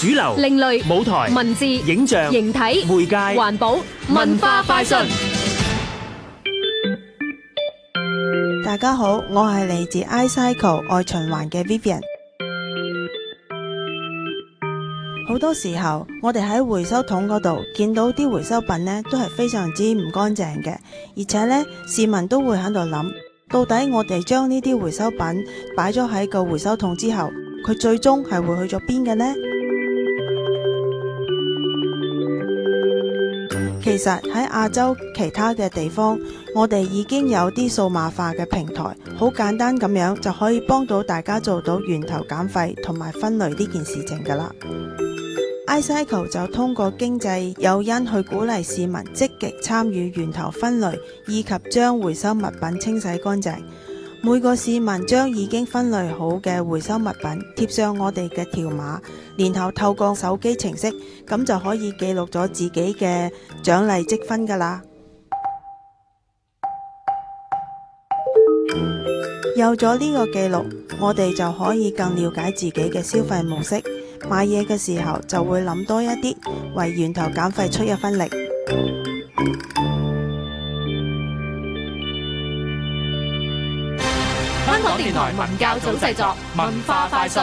主流、另類舞台、文字、影像、形體、媒介、環保、文化快訊。大家好，我係嚟自 iCycle 外循環嘅 Vivian。好多時候，我哋喺回收桶嗰度見到啲回收品呢都係非常之唔乾淨嘅。而且呢，市民都會喺度諗，「到底我哋將呢啲回收品擺咗喺個回收桶之後，佢最終係會去咗邊嘅呢？」其實喺亞洲其他嘅地方，我哋已經有啲數碼化嘅平台，好簡單咁樣就可以幫到大家做到源頭減廢同埋分類呢件事情㗎啦。iCycle 就通過經濟誘因去鼓勵市民積極參與源頭分類，以及將回收物品清洗乾淨。每個市民將已經分類好嘅回收物品貼上我哋嘅條碼，然後透過手機程式，咁就可以記錄咗自己嘅獎勵積分㗎喇。 有咗呢個記錄，我哋就可以更了解自己嘅消費模式，買嘢嘅時候就會諗多一啲，為源頭減廢出一分力。香港電台文教組製作文，製作《文化快訊》。